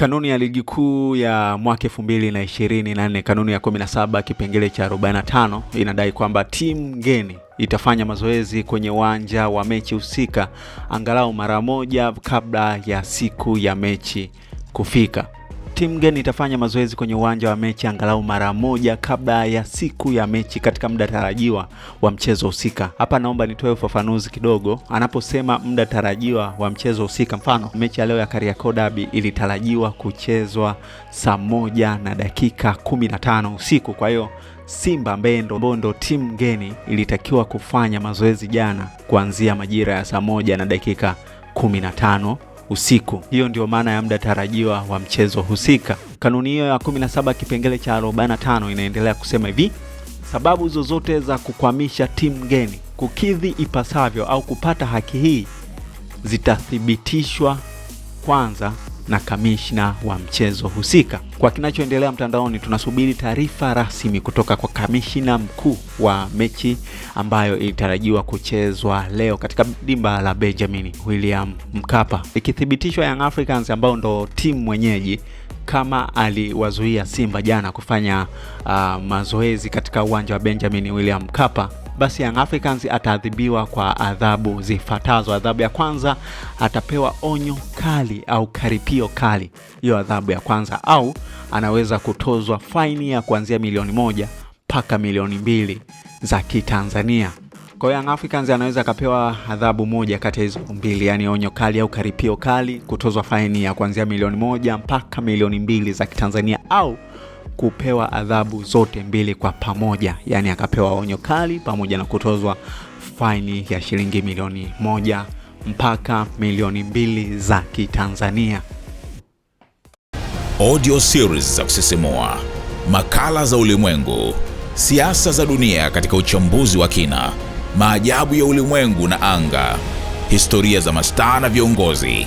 Kanuni ya ligi kuu ya mwaka 2024 kanuni ya 17 kipengele cha 45 inadai kwamba timu ngeni itafanya mazoezi kwenye uwanja wa mechi husika angalau mara moja kabla ya siku ya mechi kufika timu gani itafanya mazoezi kwenye uwanja wa mechi angalau mara moja kabla ya siku ya mechi katika muda tarajiwa wa mchezo husika. Hapa naomba nitoe ufafanuzi kidogo. Anaposema muda tarajiwa wa mchezo husika, mfano mechi ya leo ya Kariakoo Derby ilitarajiwa kuchezwa saa moja na dakika kumi na tano usiku, kwa hiyo Simba ambaye ndo timu geni ilitakiwa kufanya mazoezi jana kuanzia majira ya saa moja na dakika 15 tano usiku. Hiyo ndio maana ya muda tarajiwa wa mchezo husika. Kanuni hiyo ya 17 kipengele cha 45 inaendelea kusema hivi: sababu zozote za kukwamisha timu mgeni kukidhi ipasavyo au kupata haki hii zitathibitishwa kwanza na kamishna wa mchezo husika. Kwa kinachoendelea mtandaoni, tunasubiri taarifa rasmi kutoka kwa kamishna mkuu wa mechi ambayo ilitarajiwa kuchezwa leo katika dimba la Benjamin William Mkapa, ikithibitishwa Young Africans ambao ndo timu mwenyeji kama aliwazuia Simba jana kufanya uh, mazoezi katika uwanja wa Benjamin William Mkapa basi Young Africans ataadhibiwa kwa adhabu zifuatazo. Adhabu ya kwanza, atapewa onyo kali au karipio kali, hiyo adhabu ya kwanza, au anaweza kutozwa faini ya kuanzia milioni moja mpaka milioni mbili za Kitanzania. Kwa hiyo Young Africans anaweza akapewa adhabu moja kati ya hizo mbili, yaani onyo kali au karipio kali, kutozwa faini ya kuanzia milioni moja mpaka milioni mbili za Kitanzania au kupewa adhabu zote mbili kwa pamoja, yaani akapewa onyo kali pamoja na kutozwa faini ya shilingi milioni moja mpaka milioni mbili za Kitanzania. Audio series za kusisimua, makala za ulimwengu, siasa za dunia katika uchambuzi wa kina, maajabu ya ulimwengu na anga, historia za mastaa na viongozi